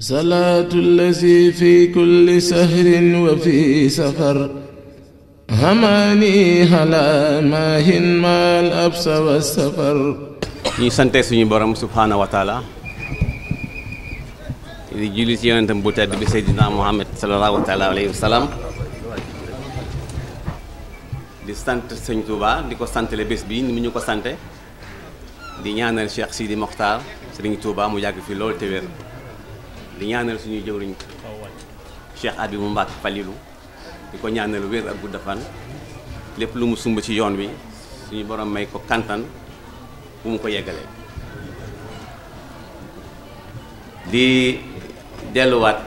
salaatu allazi fi kulli sahrin wa fi safar hamaani hala maahin maal absa wa safar ñuy sante suñu borom subhaanahu wa taala di julli ci bu tedd bi seydina muhammad sallallahu taala salaam di sant sëñ Touba di ko santale bés bi ni mu ñu ko sante di ñaanal Cheikh Sidi Mokhtar Sëriñ Touba mu yàgg fi loolu te wér di ñaanal suñuy jëwriñ Cheikh Abibou Mbacke Falilou di ko ñaanal wér ak gudd fan lépp lu mu sumb ci yoon wi suñu borom may ko kantan bu mu ko yeggalee di delluwaat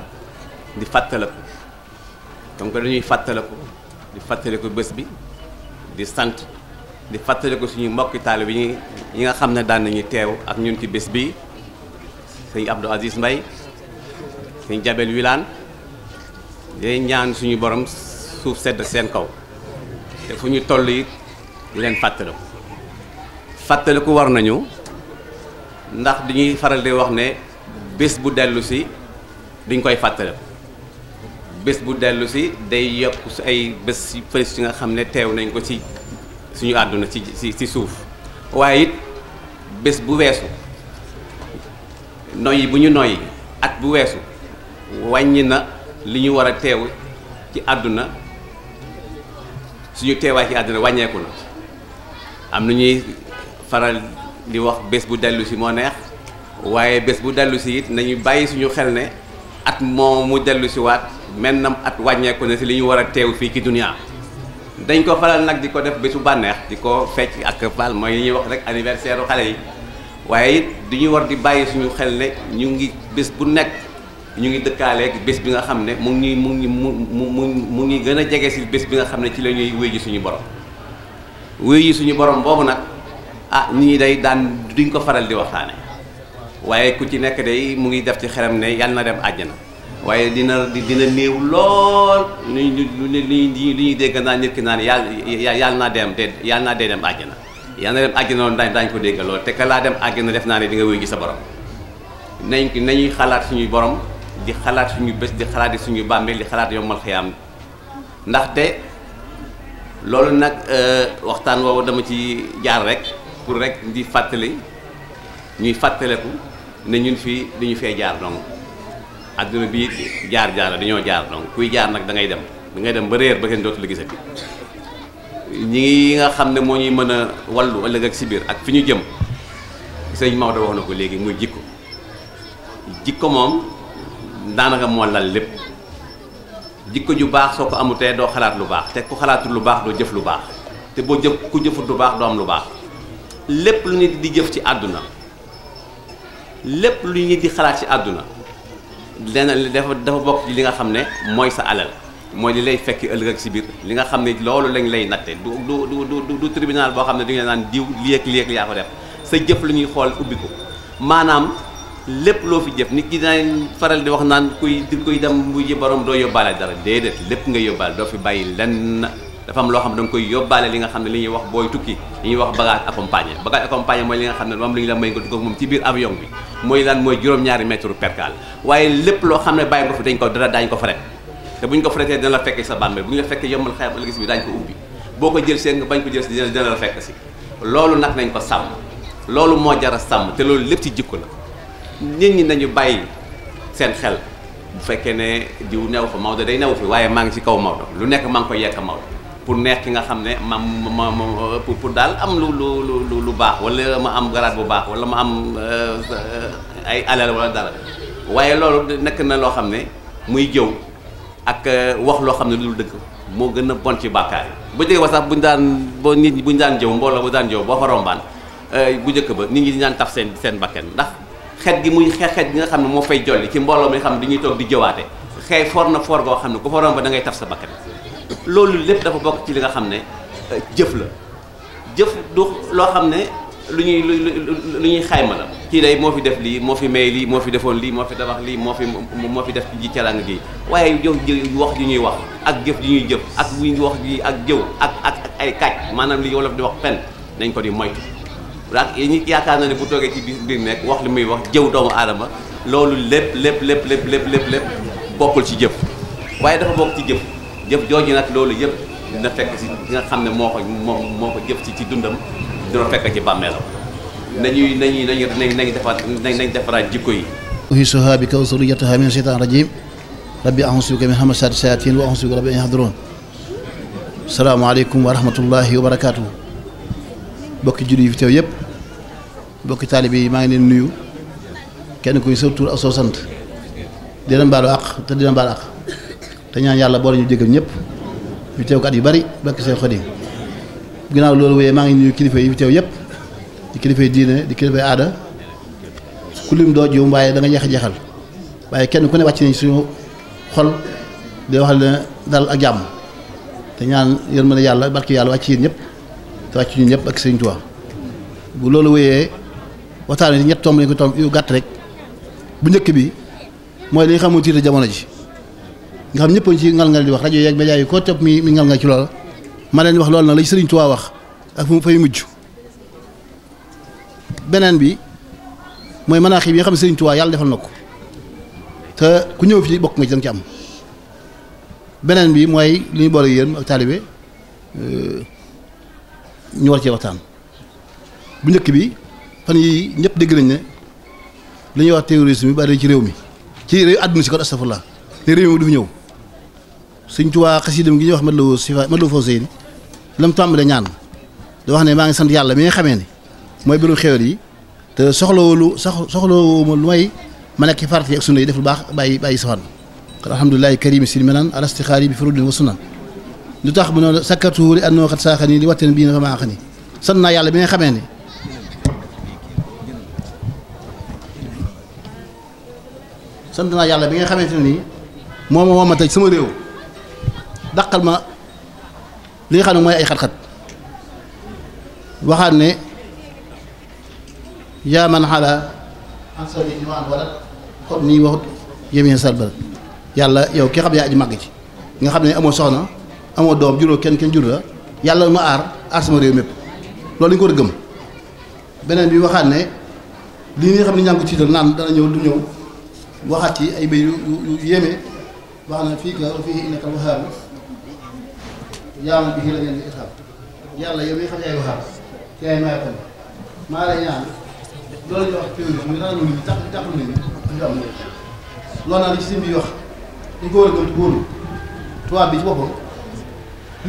di fàttaliku donc dañuy ko di fàttale ko bés bi di sant di ko suñu mbokki taalibe yi ñi nga xam ne daan nañu teew ak ñun ci bés bi sëñ Abdou Aziz Mbaye sëñ jabel wilaan day ñaan suñu borom suuf sedd seen kaw te fu ñu toll it di leen fàttaliku fàttaliku war nañu ndax dañuy faral di wax ne bés bu dellu si duñ koy fàttaliku bés bu dellu si day yokk su ay bés ci fëris yi nga xam ne teew nañ ko ci suñu àdduna ci ci ci suuf waaye it bés bu weesu noyyi bu ñu noyyi at bu weesu wàññi na li ñu war a teew ci àdduna suñu teewaay ci àdduna wàññeeku na am na ñuy faral di wax bés bu dellu si moo neex waaye bés bu dellu si it nañu bàyyi suñu xel ne at moo mu dellu si waat mel na at wàññeeku na si li ñu war a teew fii ci dunia dañ ko faral nag di ko def bésu bànneex di ko fecc ak fal mooy li ñuy wax rek anniversaire u xale yi waaye it du ñu war di bàyyi suñu xel ne ñu ngi bés bu nekk ñu ngi dëkkaaleeg bés bi nga xam ne mu ngi mu ngi mu mu mu ngi gën a jege si bés bi nga xam ne ci la ñuy wéy suñu borom wéy suñu borom boobu nag ah nii day daan duñ ko faral di waxtaane waaye ku ci nekk day mu ngi def ci xelam ne yàlla na dem na waaye dina dina néew lool lu lu ñuy dégg naa nit ki naan yàlla yàlla naa dem de yàlla naa dee dem àjjana yàlla na dem àjjana loolu daañ daañ ko dégg lool te ka laa dem na def naa ne di nga wéy ji sa borom nañ nañuy xalaat suñuy borom di xalaat suñu bés di xalaat suñu bàmmeel di xalaat yombal xiyaam ndaxte loolu nag euh, waxtaan woowu dama ci jaar rek pour rek di fàttali ñuy fàttaleku ne ñun fii dañu fee jaar donc adduna bii jaar jaar dañoo jaar donc kuy jaar nag da ngay dem da ngay dem ba réer ba kenn dootu la gisati ñi nga xam ne moo ñuy mën a wallu ëllëg ak si biir ak fi ñu jëm sëñ Maodo wax na ko léegi muy jikko jikko moom. daanaka moo lal lépp jikko ju baax soo ko amutee doo xalaat lu baax te ku xalaatul lu baax doo jëf lu baax te boo jëf ku jëfut lu baax doo am lu baax lépp lu nit di jëf ci àdduna lépp lu nit di xalaat ci àdduna dana dafa dafa bokk ci li nga xam ne mooy sa alal mooy li lay fekki ëllëg ak si biir li nga xam ne loolu lañ lay natte du du du du tribunal boo xam ne di nga naan diw lii ak yaa ko def sa jëf lu ñuy xool ubbi ko maanaam. lépp loo fi jëf nit ki dinañ faral di wax naan kuy di koy dem bu ji borom doo yóbbaale dara déedéet lépp nga yóbbaale doo fi bàyyi lenn dafa am loo xam ne danga koy yóbbaale li nga xam ne li ñuy wax booy tukki li ñuy wax bagage accompagné bagage accompagné mooy li nga xam ne moom li ñu la may nga dugg ak moom ci biir avion bi mooy lan mooy juróom-ñaari mètre percale waaye lépp loo xam ne bàyyi nga fi dañ ko dara daañ ko fret te bu ñu ko fretee dina la fekkee sa bàmmeel bu ñu fekkee yombal xayam ëllëg si bi ko ubbi boo ko jël seen nga bañ ko jël si dina la fekk si loolu nag nañ ko sàmm loolu moo jara sàmm te loolu lépp ci jikko la nit ñi nañu bàyyi seen xel bu fekkee ne diw new fa Maodo day new fi waaye maa ngi ci kaw Maodo lu nekk maa ngi koy yekk Maodo pour neex ki nga xam ne ma ma pour daal am lu lu lu lu baax wala ma am garaat bu baax wala ma am euh, ay alal wala dara waaye loolu nekk na loo xam ne muy jëw ak euh, wax loo xam ne lu dëkk moo gën a bon ci bàkkaar yi bu jëkk ba sax buñu daan boo nit ñi bu ñu daan jëw mbooloo bu daan jëw boo fa rombaan euh, bu njëkk ba nit ñi di daan taf seen seen bakken ndax xet gi muy xeexet gi nga xam ne moo fay jolli ci mbooloo mi xam ne dañuy toog di jëwaate xëy foor na foor goo xam ne ku fa romb da ngay taf sa bakkan loolu lépp dafa bokk ci li nga xam ne jëf la jëf du loo xam ne lu ñuy lu ñuy xayma la kii day moo fi def lii moo fi may lii moo fi defoon lii moo fi tabax lii moo fi moo fi def ji calàng gi waaye jëf wax ji ñuy wax ak jëf ji ñuy jëf ak bu ñuy wax ak jëw ak ak ay kaaj maanaam li wolof di wax pen nañ ko di moytu ak yi ñu yaakaar na ne bu toogee ci biir nekk wax li muy wax jëw doomu aadama loolu lépp lépp lépp lépp lépp lépp lépp bokkul ci jëf waaye dafa bokk ci jëf jëf jooju nag loolu yëpp dina fekk si ki nga xam ne moo ko moo moo ko jëf si ci dundam dina fekk ci bàmmeelam nañuy nañuy nañu nañ defar nañ defaraat jikko yi uhisuha bika wa zurriyataha min shaytan rajim rabbi a'uuzu bika min hamazati shayatin wa a'uuzu bika rabbi an yahdurun salaamaaleykum wa rahmatullahi wa barakaatuhu bokki julli yi fi teew yëpp bokki taalibe yi maa ngi leen nuyu kenn kuy sa tur ak soo sant dina mbaalu àq te dina mbaalu àq te ñaan yàlla boole ñu jégal ñëpp ñu teew ko at yu bari bakki seen xol yi loolu wéyee maa ngi nuyu kilifa yi fi teew yëpp di kilifa yi diine di kilifa yi aada ku lim doo juum waaye da nga jeex jeexal waaye kenn ku ne wàcc nañ suñu xol di waxal ne dal ak jàmm te ñaan yërmande yàlla barki yàlla wàcc yéen ñëpp. te wàcc ñun ñëpp ak Sëriñ Tuubaa bu loolu wéyee waxtaan yi ñett tomb lañ ko tomb yu gàtt rek bu njëkk bi mooy li nga xamul tiita jamono ji nga xam ñëpp ci ngal di wax rajo yeeg média yi mi mi ngal ngal ci loolu ma leen wax loolu nag la ci Sëriñ Tuubaa wax ak fu mu fay mujj beneen bi mooy manaaxib yi nga xam ne Sëriñ Tuubaa yàlla defal na ko te ku ñëw ci bokk nga ci danga ci am beneen bi mooy li ñu boole yéen ak taalibe euh, ñu war cee waxtaan bu njëkk bi fan yi ñëpp dégg nañ ne li ñuy wax terrorisme bi bari ci réew mi ci réew àdduna si kon astafurlah te réew mi du fi ñëw Sëñ Tuubaa xasidam gi ñuy wax mat la sifa mat la foo sëy ni lam tàmbalee ñaan da wax ne maa ngi sant yàlla mi nga xamee ni mooy biru xewal yi te soxlawolu sax soxlawuma lu may ma nekk farata yi ak sunna yi def lu baax bàyyi bàyyi safaan kon alhamdulilahi karim si ni ma naan alastixaar yi bi furudin wa sunan lu tax mu ne sakkartuhu li annoo xat saaxa nii li waxtaan bii na fa maaxa sant naa yàlla bi nga xamee ne sant naa yàlla xamante ne nii moo ma wommat ak sama réew daqal ma li nga xam ne mooy ay xat-xat waxaat ne yaa man xalaa ansali waxut yemee salbal yàlla yow ki xam yaa aji màgg ci nga xam ne amoo soxna amoo doom juróo kenn kenn jur la yàlla ma aar aar sama réew mépp loolu ñu ko war a beneen bi waxaat ne li nga xam ne ñaa ngi ko tiital naan dana ñëw du ñëw waxaat ci ay béy yu wax na fii ka fii innaka waxaam yaaman bi xii la ngeen di itaab loolu ñu wax théorie muy ranalu nit loolu naa li ci seen bi wax ñu ko war a gëm góorlu tubaab bi ci boppam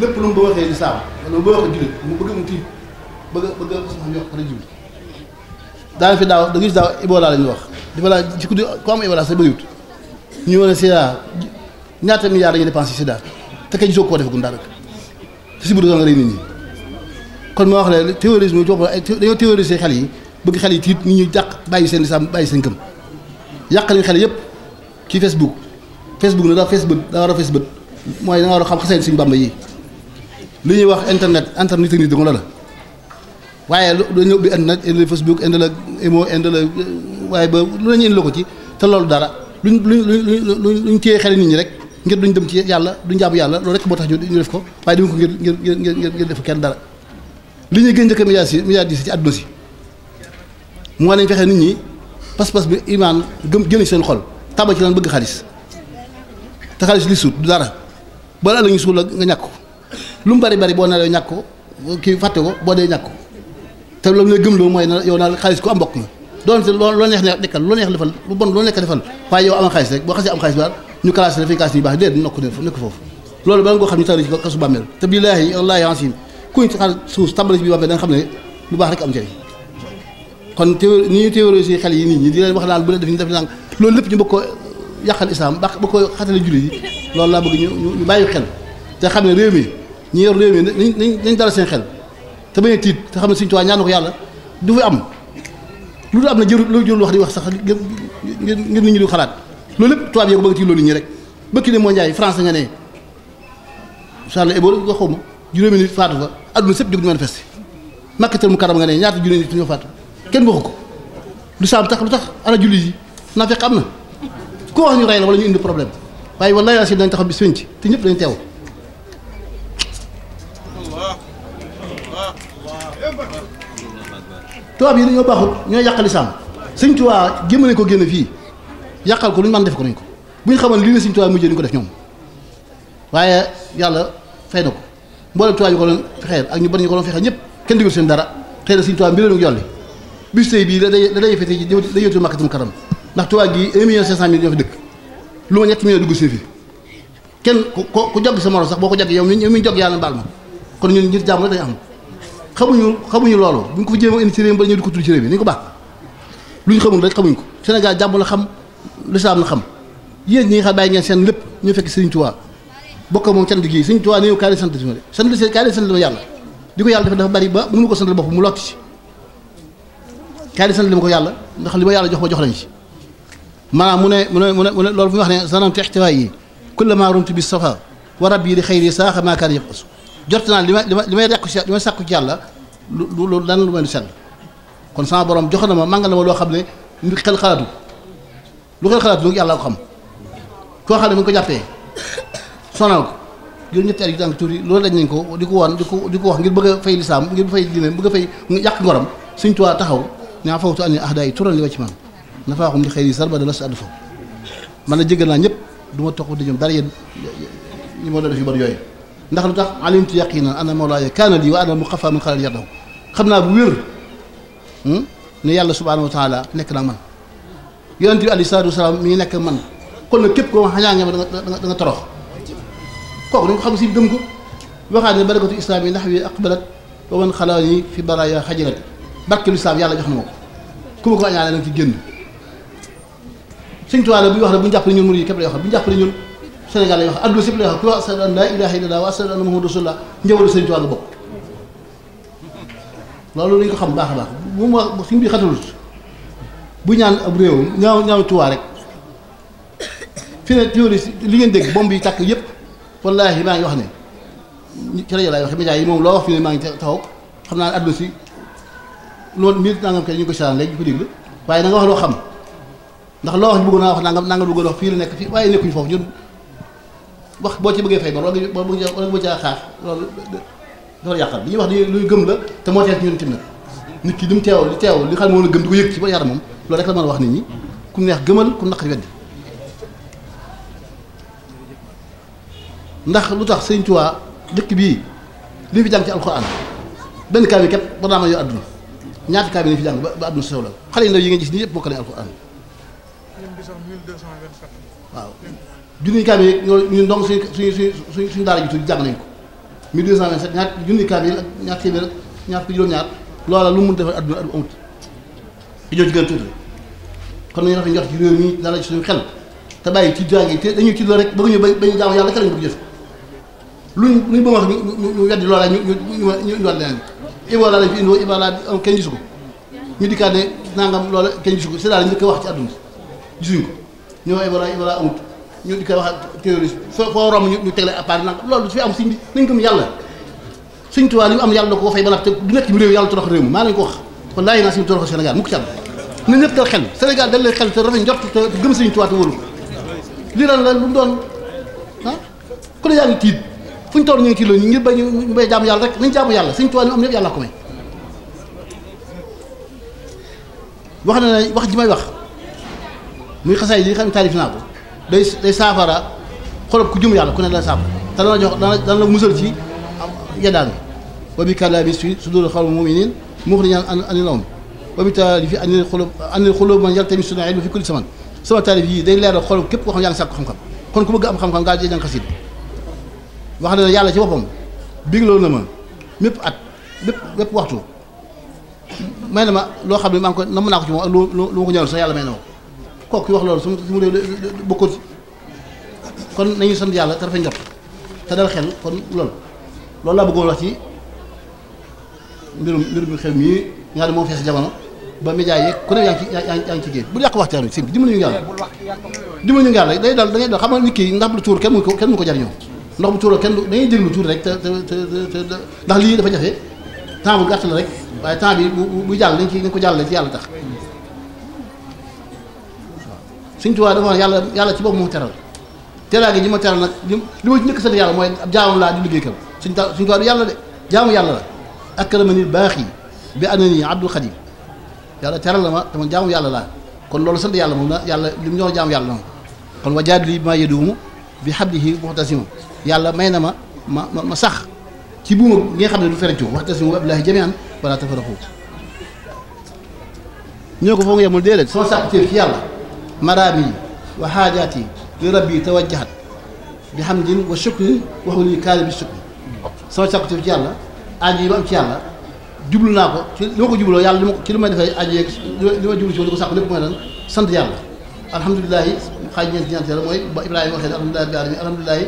lépp lu mu ba waxee lislaam wala ba waxee jullit mu bëgg mu tiit bëgg bëgg fi daaw da gis daaw wax Ebola ci ku ko a sida ñaata milliards dañuy dépensé si sida te kañ te si bu doon nga rey nit kon moo wax le terrorisme jox ay dañoo terroriser yi bëgg xel yi tiit nit ñuy jàq bàyyi seen lislaam bàyyi seen gëm yàq nañu yëpp ci Facebook Facebook na daa fees bët daa war a fees bët mooy da war a xam xasee suñu bàmba yi li ñuy wax internet internet technique dong la la waaye lu dañu ubbi internet indi la Facebook indi la imo indi waaye ba lu nañu indi ko ci te loolu dara lu luñ lu luñ téye xel nit ñi rek ngir duñ dem ci yàlla duñ jàpp yàlla loolu rek moo tax ñu def ko waaye duñ ko ngir ngir ngir ngir def kenn dara li ñuy gën njëkk média si média di si ci àdduna si moo nañ fexe nit ñi pas-pas bi imaan gëm génn seen xol tàmbali ci lan bëgg xaalis te xaalis li suut du dara bala la ñu suul la nga ñàkk ko lu mu bari bari boo naree ñàkk ko kii fàtte ko boo dee ñàkk ko te loolu lay loo neex ne dekkal loo neex defal lu bon loo nekk defal waaye yow amal xaalis rek boo xasee am xaalis baar ñu classé dafay classé yu baax déedéet nokk te billaahi wallaahi ancim kuñ yi nit di leen wax naan bu leen def ni def naan loolu lépp ñu bëgg ko yàqal islam ba ba ko xatale yi loolu laa bëgg ñu ñu bàyyi xel te xam ne réew mi ñi yor réew mi nañ nañ nañ dara seen xel te bañ a tiit te xam ne suñu tuwaay ñaanu ko yàlla du fi am lu am na jëru lu jërul wax di wax sax ngir ngir nit ñi du xalaat loolu lépp tubaab yi ko bëgg ci rek bëkki ne moo njaay France nga ne Charlie Hebdo nga ma juróomi nit faatu fa adduna sëpp jóg di manifester makkatal karam nga ne ñaata juróomi nit ñoo faatu kenn waxu ko lu saam tax lu tax ana julli yi naa fekk am na ku wax ñu rey la wala ñu indi waaye wallaay laa si dañ taxaw bis pénc te ñëpp dañ teew tubaab yi dañoo baaxut ñooy yàq lislaam sëñ Tuubaa jëmm ko génn fii yàqal ko lu ñu mën def ko nañ ko buñ xamoon lii la sëñ Tuubaa mujjee ñu ko def ñoom waaye yàlla fay na ko mboolem Tuubaa ñu ko doon fexeel ak ñu bari ñu ko doon fexeel ñëpp kenn digul seen dara xëy na sëñ Tuubaa mbir lañu yolli bis bii da day da day fete ji da yëtu makkatum karam ndax Tuubaa gi 1 million 500 mille ñoo fi dëkk lu ma ñetti million dugg si fi kenn ku jog sa morom sax boo ko jog yow mi ñu yàlla baal ma kon ñun ñi jàmm am xamuñu xamuñu loolu bu ñu ko fa jéem a indi ci mi bala ñu di ko tudd ci réew mi nañu ko baax lu ñu xamul rek xamuñ ko Sénégal jàmm la xam lislaam la xam yéen ñi nga xam bàyyi ngeen seen lépp ñu fekk Sëriñ Tuubaa bokk moom cant gii Sëriñ Tuubaa ne yow kaay leen sant si ma de sant leen kaay leen sant ma yàlla di ko yàlla dafa dafa bari ba mënu ko sant bopp mu lotti ci kaay leen sant ma ko yàlla ndax li ma yàlla jox ma jox lañ ci maanaam mu ne mu ne mu ne mu ne loolu fu ñu wax ne zanamtu ixtiwaay yi kullama rumtu bi safa wa rabbi li xayri saaxa maa kaana yaqasu jot naa li may li may li may rekku ci li may sàkku ci yàlla lu lu lu lan lu may lu sell kon sama borom joxe na ma màngal na ma loo xam ne nit xel xalaatu lu xel xalaatu lu yàlla ko xam koo xam ne mu ngi ko jàppee sonal ko ngir ñetti at yi tànk tuuti loolu dañ nañ ko di ko wan di ko di ko wax ngir bëgg a fay lislaam ngir fay diine bëgg a fay yàq ngoram suñ tuwaa taxaw ñaa fawtu an ahda yi tural li wa ci man nafaaxum li xëy yi sarba dala si àddu foofu man na jéggal naa ñëpp du ma di ñoom dara yéen ñi ma yooyu ndax lu tax alimtu yaqinan ana mawlaaya kaana lii wa ana muqafa min xalal yardaw xam naa bu wér hmm, ne yàlla subhanahu wa taala nekk na man yonente bi alayhi salaatu wasalaam mi ngi nekk man kon na képp koo ma xañaa nga ma da nga torox kooku dañ ko xam si gëm ko waxaat ne barakatu islaam yi ndax wi aqbalat wa man xalaa ni fi baraaya xajalat barke lislaam yàlla jox na ma ko ku ma ko añaale nag ci génn sëñ tuwaa la buy wax ne bu ñu jàppale ñun murid yi képp Sénégal lay wax àdduna sépp lay wax ku wax ashadu an laa ilaaha illallaah wa ashadu anna muhammadan rasuulullaah njëwalu sëñ Tuubaa nga bokk loolu lañ ko xam baax a baax bu mu wax suñ bi xatalut bu ñaan ab réew ñaaw ñaaw Tuubaa rek li ngeen dégg bomb yi tàkk yëpp wallaahi maa ngi wax ne ci rajo laay waxe médias yi moom loo wax ngi taxaw xam naa ne àdduna si loolu mbir nangam kay ñu ko seetaan léegi ñu ko déglu waaye na wax loo xam ndax loo wax bëggoon naa wax nangam nangam naa wax fii la nekk fii waaye nekkuñu foofu wax boo ci bëggee fay bor wala nga wala nga bëgg caa xaar loolu loolu yàqal li ñuy wax luy gëm la te moo tees ñun tim nag nit ki li mu teew li teew li xam ne moom la gëm di ko yëg ci ba loolu rek la mën a wax nit ñi ku neex gëmal ku naqari weddi ndax lu tax Sëriñ Tuubaa dëkk bii li fi jàng ci alxuraan benn kaa bi képp war naa mën yoo àdduna ñaata kaa bi fi jàng ba àdduna la xale yi ndaw yi nga gis nii yëpp bokk nañ alxuraan waaw junniy kaamil ñun donc suñu suñu suñu suñu daara jiitu jàng nañ ko 1227 ñaar junniy loola lu mu mën defal adduna amut di kon nañu rafet njort ci réew mi dara suñu te bàyyi ci jàngi te dañuy ci rek bëgg ñu bañ bañ jaamu yàlla ca lañu bëgg jëf luñ luñ bëgg wax ñu ñu weddi loola ñu ñu ñu wat leneen ibola lañ fi indi ko ñu dikkaat ne nangam wax ci adduna gisuñ ko ñoo ñu di ko wax ak terroriste foo foo romb ñu teg la à part nag loolu fi am siñ bi yàlla suñ tubaab li mu am yàlla ko fay ba nag te du nekk ci réew yàlla torox réew mi maa lañ ko wax xel te rafet njort te gëm suñu tubaab te wóolu ko lii lan la lu doon ah ku ne yaa ngi tiit fu ñu toll ñu ngi tiit loolu ñu bañ ñu bay jaamu yàlla rek nañ jaamu yàlla suñ tubaab li mu am yëpp yàlla ko may wax na ne wax ji may wax muy xasaay yi nga xam ne taalif naa ko day day saafara xolob ku jum yàlla ku ne la saafara te dana jox dana dana la musal ci yeddaan bi wa bi kàllaa bi su sudur xawlu muminin muxrijan anil nawm wa bi taalifi anil xulub anil xulub man yaltamisuna ilma fi kulli zaman sama taalif yii day leeral xolob képp koo xam yaa ngi sàkku xam-xam kon ku bëgg am xam-xam ngaa jàng xasida wax na yàlla ci boppam bigloo na ma mépp at bépp bépp waxtu may na ma loo xam ne maa ngi ko namm naa ko ci moom ak lu lu ma ko ñëwal sax yàlla may na ma kooku yi wax loolu su mu réew bokkut kon nañu sant yàlla te dafa njot te dal xel kon loolu loolu laa bëggoon wax ci mbirum mbirum xel mii nga xam moo fees jamono ba média yeeg ku ne yaa ngi ci génn bu yàq waxtaan wi si dimbali ñu yàlla dimbali ñu yàlla day dal da ngay dal xam nga nit ki ndax bu tuur kenn mu ko kenn mu ko jariñoo ndox bu tuuroo kenn da ngay déglu tuur rek te te te ndax lii dafa jafe temps bu gàtt la rek waaye temps bi bu bu jàll dañ ci dañ ko jàllale ci yàlla tax Sëñ Tuubaa dafa yàlla yàlla ci boppam moo teral teraange ji ma teral nag li ma ci njëkk yàlla mooy ab jaamam laa di liggéey kam Sëñ Tuubaa Sëñ Tuubaa du yàlla de jaamu yàlla la akramani baax yi bi anani abdul xadim yàlla teral la ma te man jaamu yàlla laa kon loolu sant yàlla moom la yàlla li mu ñor jaamu yàlla moom kon wa jaadili bimaa yaduumu bi hablihi muxtasima yàlla may na ma ma ma sax ci buuma gi nga xam ne du fereñ ci waxtasimu bi hablillahi jamiian wala tafarraqu ñoo ko foog yàlla maraami wa xaajaati li rabbi te bi hamdin wa shukri waxu ni kaari bi shukri sama càkkuti ci yàlla aji yi ma am ci yàlla jublu naa ko ci li ma ko jubloo yàlla li ma ci li may defee aji yeeg li ma jublu ci li ko sàkk lépp mooy lan sant yàlla alhamdulilahi xaaj ñeenti ñeenti yàlla mooy ba ibrahima waxee alhamdulilahi bi alamin alhamdulilahi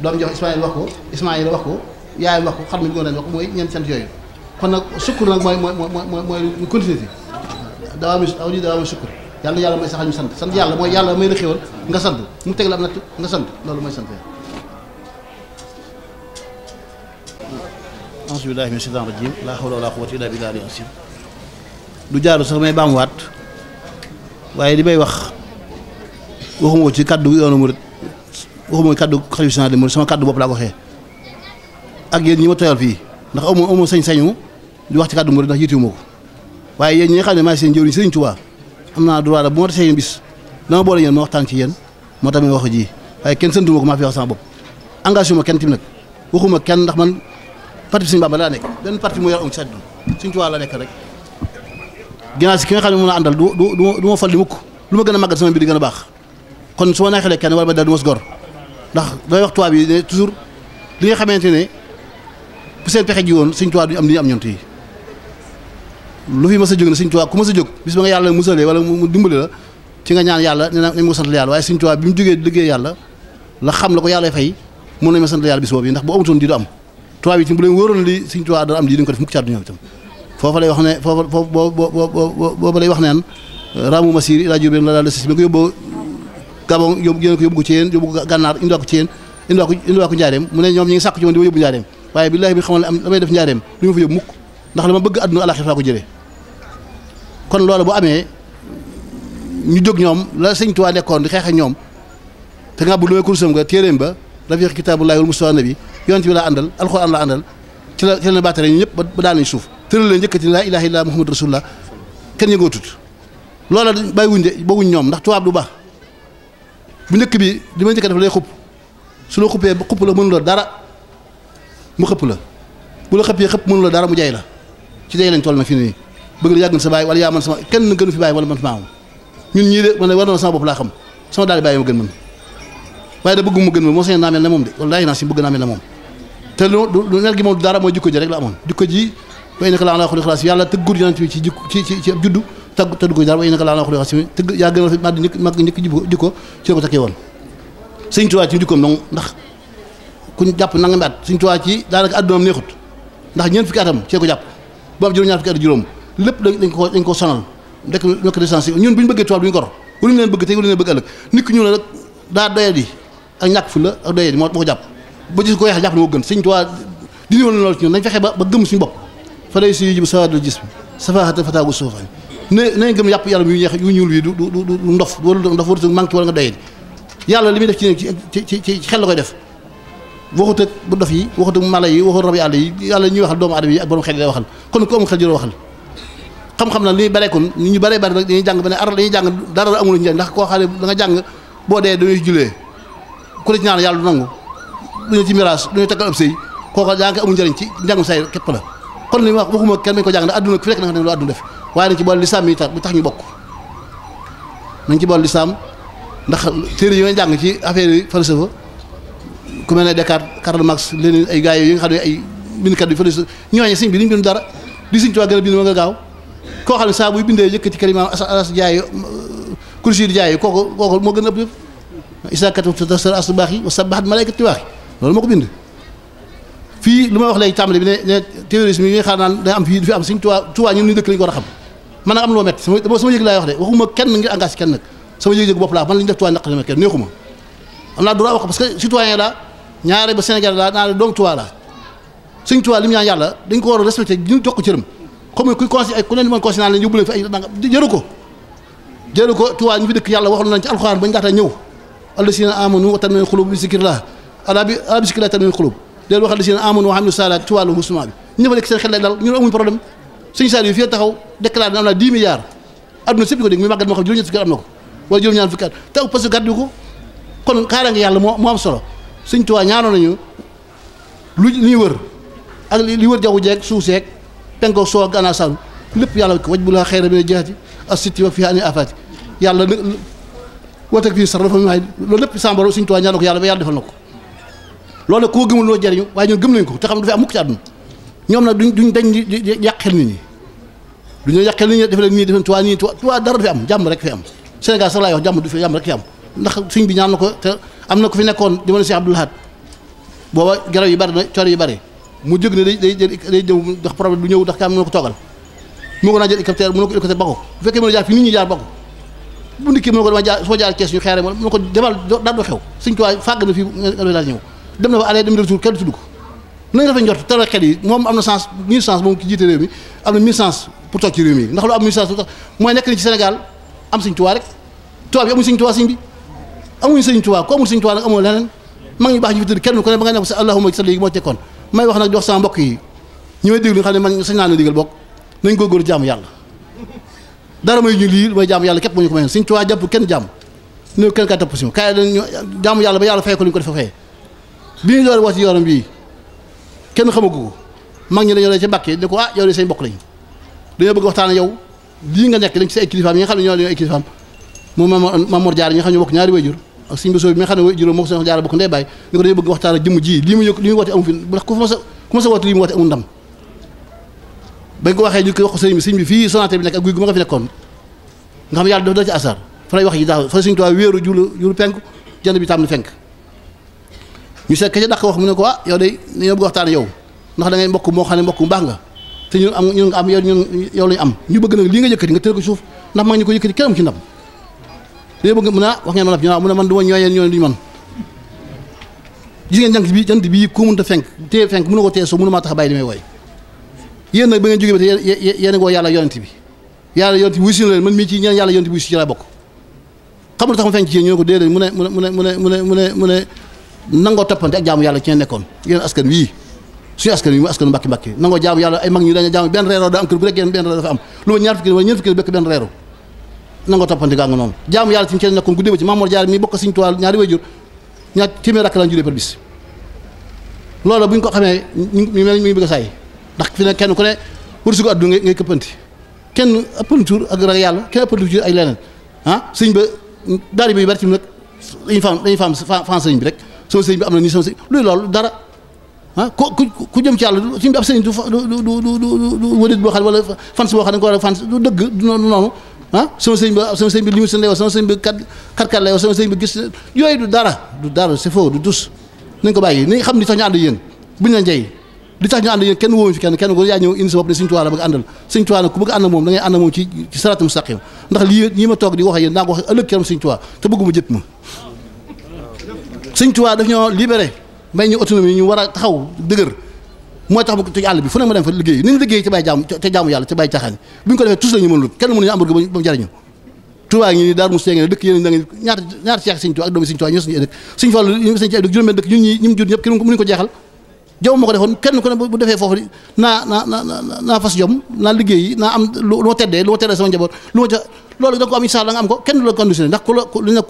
doom jox ismail wax ko ismail wax ko yaayam wax ko xar mi góor leen mooy ñeenti sant yooyu kon nag sukkur nag mooy mooy yàlla yàlla may saxal ñu sant sant yàlla mooy yàlla may la xéwal nga sant mu teg la am nga sant loolu mooy sant yàlla auzu billaahi mina shaytaani rajiim laa hawla wa jaaru sax may baamuwaat waaye li may wax waxuma ci kàddu yoonu murit waxuma kàddu xalifa général des sama kàddu bopp laa ko waxee ak yéen ñi ma tooyal fii ndax amoo amoo sañ-sañu di wax ci kàddu murit ndax jiituwuma ko waaye yéen ñi nga xam ne maa seen jëwriñ Sëriñ Tuubaa am naa droit la bu ma tasee yéen bis dama boole yéen ma waxtaan ci yéen moo tax ma wax ji waaye kenn sëntuma ko maa fi wax sama bopp engagé ma kenn tim nag waxuma kenn ndax man parti Sëñ Bamba laa nekk lenn parti mu yor am ci àdduna Sëñ Tuubaa laa nekk rek ginnaaw si ki nga xam ne moom laa àndal du du ma fal di mukk lu ma gën a màggat sama mbir di gën a baax kon su ma neexalee kenn wala ma dal du ma gor ndax damay wax tubaab yi ne toujours li nga xamante ne bu ji woon Sëñ Tuubaa duñu am li am ñont yi lu fi mës a jóg ne Sëñ Tuubaa ku mës a jóg bis nga yàlla musalee wala mu dimbali la ci nga ñaan yàlla nañ ma sant yàlla waaye Sëñ Tuubaa bi mu jógee liggéey yàlla la xam la ko yàlla fay mën nañ ma sant yàlla bis boobu ndax bu amutoon di du am tubaab yi ci bu leen wóoroon li Sëñ am boo booba lay la daal si bi ko yóbboo Gabon yóbbu ko yóbbu ko yóbbu ko gànnaar indiwaa ko ci yéen mu ne ñoom ñi ngi sàkk ci di ma yóbbu njaareem waaye billaahi bi xamal am damay def njaareem li ma fa yóbbu mukk ndax la ma bëgg àdduna àlaxir faa ko jëlee kon loolu bu amee ñu jóg ñoom la sëñ Tuubaa nekkoon di xeex ak ñoom te nga bu lu may kursam nga téeréem ba rafiq kitaabullaahi wal mustafa nabi yonent bi laa àndal alxuraan la àndal ci la ci la baatare ñu ñëpp ba daanañ suuf tëral leen ti laa ilaaha illallaah muhammadu rasulullah kenn yëngootut loola bàyyiwuñ de bawuñ ñoom ndax tubaab du baax bu njëkk bi li may njëkk def lay xupp su la xuppee xupp la mënu la dara mu xëpp la bu la xëppee xëpp mënu la dara mu jaay la ci dee lañ toll nag fi nii bëgg la yàgg na sa bàyyi wala yaa man sama kenn gënu fi bàyyi wala man sama am ñun ñii de man war na sama bopp laa xam sama daal bàyyi ma gën man waaye da bëgg mu gën ma moo sañ naa mel ne moom de wallaahi naa si bëgg naa mel ne moom te lu nel gi moom dara mooy jikko ji rek la amoon jikko ji way naka laa na xuli xalaas yàlla tëggur yonent bi ci jikko ci ci ci ab juddu tagg tëgg ko dara way naka laa na xuli xalaas tëgg yaa gën a rafet maa di njëkk mag njëkk jikko ci la ko takkee woon sëñ Tuubaa ci jikkoom donc ndax kuñ jàpp nangami at sëñ Tuubaa ci daanaka addunaam neexut ndax ñeent fukki atam ci la ko jàpp boobu juróom-ñaar fukki at juróom lépp dañ ko dañ ko sonal ndekk ñokk distance yi ñun bu ñu bëggee tubaab du ñu gor wala leen bëgg tey wala leen bëgg ëllëg nit ku ñu ba nañ fexe ba ba gëm suñu bopp fa lay si jib sawaadul gis bi safaata fataagu suufaan ne nañ gëm yàpp yaram yu ñeex yu ñuul yi du du ndof wala ndof warut manqué wala nga doyee yàlla li muy def ci ci ci ci xel la koy def waxut ak bu dof yi waxut ak mala yi waxut rab yàlla yi yàlla ñuy waxal doomu aadama yi ak borom xel yi lay waxal kon ku amul xel jëloo waxal xam-xam na li ñuy kon ni ñu bare bare nag dañuy jàng ba ne ar dañuy jàng dara amul njëriñ ndax koo xam ne da nga jàng boo dee dañuy julee ci ñaan yàlla du nangu duñu ci mirage duñu takkal ëpp sëy kooka yaa ci njàngu say képp la kon li wax waxuma kenn mañ ko jàng ndax adduna fi rek na nga ne loo def waaye nañ ci boole lislaam yi tax ñu bokk nañ ci boole lislaam ndax téere yi nga jàng ci affaire yi falsafa ku mel ne Descartes Karl Marx Lénine ay gars yi nga xam ne ay bindkat bi fële ñooñe sëñ bi li ñu bind dara di sëñ Tuubaa gën a bind ma nga gaaw koo xam ne saa bindee yëkkati kalimaam aras jaay kursi di jaay kooku kooku moo gën a ëpp yëpp baax yi wa sabaxat malaaykat ti waax yi loolu moo ko bind fii lu may wax léegi tàmbali bi ne ne terrorisme yi nga xam naan day am fii du fi am sëñ Tuubaa Tuubaa ñun ñu dëkk lañu ko war a man nag am loo metti sama sama yëg laay yëg-yëg wax parce que ñaare ba Sénégal laa naa la doomu Tuubaa la sëñ Tuubaa li mu yàlla dañ ko war a respecté ñu ko cërëm ko jëru ñu fi dëkk yàlla waxoon nañ ci alxuraan ba ñu daataa ñëw allasina amanu wa tatmainu qulub bi zikrillah ala bi ala bi zikrillah tatmainu qulub del wax allasina amanu wa amilu salat Tuubaa la musulman bi ñu fa nekk seen xel lay dal ñu amuñ problème sëñ Sall yu fii taxaw déclaré na am naa 10 milliards adduna sëpp ko dégg muy màggat sëñ Tuubaa ñaanoon nañu lu ñuy wër ak li wër jaww jeek suuf seeg penko soo gànnaaw sàll lépp yàlla ko waj bu la xayra bi jeexati asiti wa fii ani afati yàlla wooteeg fii sax dafa may loolu lépp sàmbaro sëñ Tuubaa ñaanoon ko yàlla ba yàlla defal na ko loolu nag koo gëmul loo jëriñu waaye ñun gëm nañ ko te xam dafay am mukk ci àdduna ñoom nag duñ duñ dañ di yàqel nit ñi duñu yàqel nit ñi def leen nii def leen Tuubaa nii Tuubaa du fi am jàmm rek fi am Sénégal sax laay wax jàmm du fi jàmm rek fi am ndax sëñ bi ñaan na ko te am na ku fi nekkoon di ma si Abdou Lahad booba garab yu bari na cor yu bari mu jóg na day day day ñëw ndax problème du ñëw ndax ka am na ko toogal mu ko naa jël hélicoptère mu ne ko hélicoptère ba ko bu fekkee mën a jaar fi nit ñi jaar ba ko bu mu ne ko dama jaar soo jaar Cees ñu xeere mu ne ko demal daal doo xew sëñ Tuubaa fàgg na fii nga doon daal dem na fa aller dem retour kenn tudd ko nañ dafa njort tere xel yi moom am na sens mille sens moom ki jiite réew mi am na mille sens pour toog ci réew mi ndax nekk ni ci Sénégal am sëñ Tuubaa rek tubaab yi amuñ sëñ Tuubaa sëñ bi amuñu sëñ Tuubaa ku amul sëñ Tuubaa nag amoo leneen mag ñu baax ñu fi tëdd kenn ku ne ba nga nekk sa allahuma sa léegi moo tekkoon may wax nag jox sama mbokk yi ñi may déglu nga xam ne man sañ naa leen digal bokk nañ góorgóorlu jaamu yàlla dara may ñu lii mooy jaamu yàlla képp moo ñu ko mayoon sëñ Tuubaa jàpp kenn jàmm néew kenn kaay topp si ma kaay dañu jaamu yàlla ba yàlla fay ko li ñu ko defa fayee bi ñu door wax ci yoram bii kenn xamagu ko mag ñi dañoo leen ca mbàkkee ne ko ah yow de say mbokk lañu dañoo bëgg waxtaan yow lii nga nekk dañ ci sa ay kilifaam yi nga xam ne ñoo leen ay kilifaam moom Mamor Jaar ñi nga xam ne bokk ñaari wayjur ak suñu bésoo bi mi nga xam ne juróom moo ko seen jaara bokk ndey bàyyi ni ko dañu bëgg waxtaan ak jëmm lii mu li muy woote amu fi ndax ku ma sa ku ma sa woote lii mu woote amul ndam bañ ko waxee ñu ko wax ko sëriñ bi sëriñ bi fii sonaté bi nekk ak guy gu ma nga fi nekkoon nga xam yàlla daf dal ci asar fa lay wax yi daaw fa la suñu tubaab wéeru julu julu penk jant bi tàmm ni fenk ñu seet ka ca dàq wax mu ne ko ah yow day dañoo bëgg waxtaan yow ndax da ngay mbokk moo xam ne mbokk mu baax nga te ñun am ñun nga am yow ñun yow ñu bëgg nag lii nga yëkkati nga tëral ko suuf ndax mag ñu ko dañoo bëgg mën a wax ngeen ma naf ñu waaw mu ne man du ma ñooñeen ñooñu duñu man gis ngeen jant bi jant bii ku mënta fenk te fenk mënu ko tee so mënu maa tax bàyyi li may wooy yéen nag ba ngeen jógee ba tey yéen ngoo yàlla yonent bi yàlla yonent bi wuyu man mii ci ñeen yàlla yonent bi wuyu ci laa bokk xam nga tax ma fenk ci yéen ñu ne ko déedéet mu ne mu ne nekkoon yéen askan wii suñu askan wi mu askanu mbàkki mbàkki nangoo jaamu yàlla ay mag ñu dañu jaamu benn reeroo daa am nanga toppante gaa nga noonu jaamu yàlla ci ci nekkoon guddi ba ci Mamour Diarra mi bokk Sëriñ Tuubaa ñaari wayjur ñaar téeméer rakk lañ julee par bis loolu bu ñu ko xamee ñu mel mi ngi bëgg a sàyyi ndax fi ne kenn ku ne wërsugo addu ngay kenn ëppanti tuur yàlla kenn ëppanti tuur ay sëñ ba daari bi yu bari ci nag dañuy faam dañuy faam bi rek sama sëñ bi am na nii sama sëñ luy loolu dara ah, ku ku jëm ci yàlla sëñ bi ab sëñ du du du du du wërit boo xam ne wala fans boo xam ne ko war a du dëgg du noonu ah sama sëñ ba sama sëñ bi limousine lay wax sama sëñ bi kat kat lay wax sama sëñ bi gis yooyu du dara du dara c'est faux du dus nañ ko bàyyi nañ xam ni tax ñu ànd yéen buñ la njey li tax ñu ànd yéen kenn wóoñu fi kenn kenn ko yaa ñëw indi sa bopp ne sëñ Tuubaa la bëgg àndal sëñ Tuubaa nag ku bëgg ànd moom da ànd moom ci ci saraatam mustaqim ndax lii ñi ma toog di wax yéen naa ko wax ëllëg keram sëñ Tuubaa te bëgguma jëpp ma sëñ Tuubaa ñu war a taxaw dëgër mooy tax bu ci àll bi fu ne mu dem ndax ku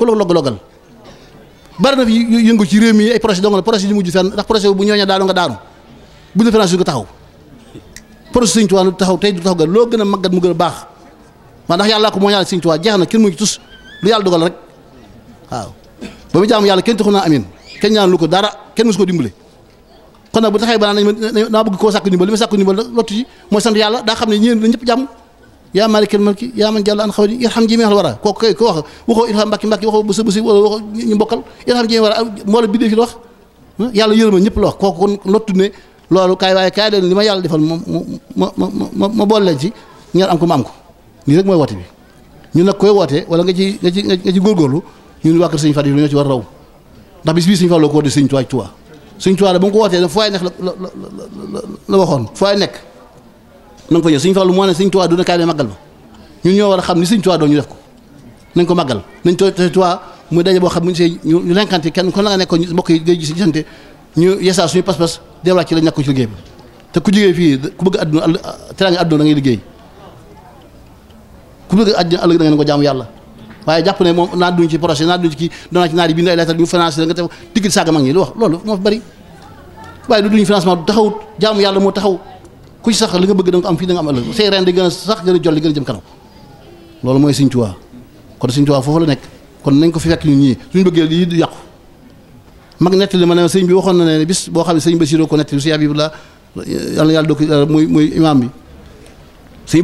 la loggal bari na fi yëngu ci réew mi ay projet dong la projet yi mujj fenn ndax projet bu ñooña daanu nga daanu bu ñu financé du ko taxaw projet Sëñ Tuubaa lu taxaw tey du taxaw ga loo gën a màggat mu gën a baax waa ndax yàlla ko moo ñaanal Sëñ Tuubaa jeex na kenn mu ngi tus lu yàlla dogal rek waaw ba mu jaamu yàlla kenn taxu naa amin kenn ñaan lu ko dara kenn mosu ko dimbale kon nag bu taxee ba naan naa bëgg koo sàkku ndimbal li ma sàkku ndimbal lottu ci mooy sant yàlla daa xam ne ñeen la ñëpp jàmm yaa maalikal mulki yaa man jàlla an xaw ni irham jimi al wara kooku kay ko wax waxoo irham mbàkki mbàkki waxoo bësa ñëpp la wax kooku kon loolu kaay waaye kaay leen li ma yàlla defal ma ma ma ma boole leen ci ngeen am ko ma am ko nii rek mooy woote bi ñun nag koy wootee wala nga ci nga ci nga ci góorgóorlu ñun waa kër sëñ ko wootee sëñ Tuubaa Tuubaa sëñ Tuubaa ba nekk la la la la waxoon fooy nekk na nga fa ñëw sëñ Fàdilu moo ne sëñ Tuubaa du ne kaay leen màggal ma ñun ñoo war a xam ni sëñ Tuubaa doon ñu def ko nañ ko màggal nañ too Tuubaa muy daje boo xam ñu see ñu lenkante kenn kon la nga nekkoon mbokk yi ngay gis gisante ñu delluwaat ci la ñàkk ci liggéey bi te ku jógee fii ku bëgg àdduna teraanga àdduna da ngay liggéey ku bëgg àdduna ëllëg da ngeen ko jaamu yàlla waaye jàpp ne moom naa duñ ci projet naa duñ ci kii doonaa ci naar yi bind ay lettre ñu nga te digg saaga mag moo fi bëri waaye du duñ financement du taxawut jaamu yàlla moo taxaw ku ci sax li nga bëgg da am fii da nga am ëllëg say ren di gën a sax gën a jolli gën a jëm kanam loolu mooy Sëñ Tuubaa kon Sëñ Tuubaa foofu la nekk kon nañ ko fi fekk ñun ñii suñu bëggee yàqu mag nettali ma ne sëñ bi waxoon na ne bis boo xam ne sëñ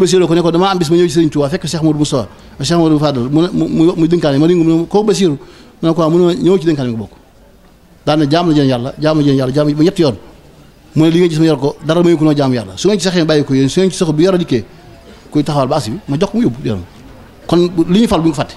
Basiiroo ko euh, si ko ne ko damaa am bis ma ñëw ci sëñ Tuubaa fekk Cheikh Modou Moustapha Cheikh Modou Fadal mu muy mu ne yàlla jaam la jën yàlla jaam ba ñetti yoon mu li nga gis ma yor ko dara mayu ko noo jaam yàlla su ngeen ci saxee bàyyi ko yéen su ngeen ci saxul bu yara dikkee kuy taxawal ba as ma jox ko mu yóbbu kon li ñu fal bu ñu ko fàtte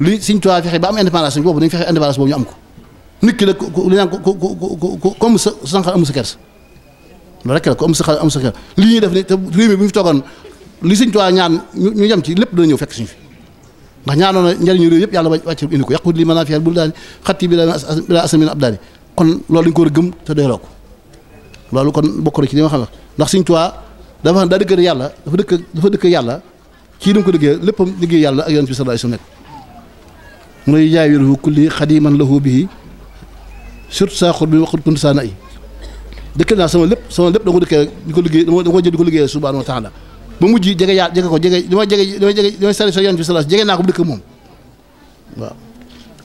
lii siñ Tuubaa fexe ba am indépendance boobu dañu fexe indépendance boobu ñu am ko nit ki la ku ku li naan ku ku ku comme sa sànqal amul sa kersa loolu sa xel am sa li ñuy def ne te mi bu ñu fi toogoon li Sëñ Tuubaa ñaan ñu yem ci lépp dana ñëw fekk suñu fi ndax ñaanoon na njëriñu réew yëpp yàlla wàcc indi ko yàqu li mën naa fiyal bul daal xatti bi la asamina ab daali kon loolu dañu ko war a gëm te ko loolu kon bokk na ci li ma xam ne ndax Sëñ Tuubaa dafa xam daa dëkk yàlla dafa dëkk dafa dëkk yàlla kii dama ko dëggee léppam liggéey yàlla ak yonent bi sallallahu alayhi muy jaawiruhu kulli xadiman lahu bihi surtout saa xur bi waxut kun saa na ay dëkkal naa sama lépp sama lépp da ko dëkkee di ko liggéey dama ko jël di ko liggéeyee subhaanahu wa taala ba mujj jege yaa jege ko jege damay jege damay jege damay sari sa yonent bi salaas jege naa ko bu dëkk moom waaw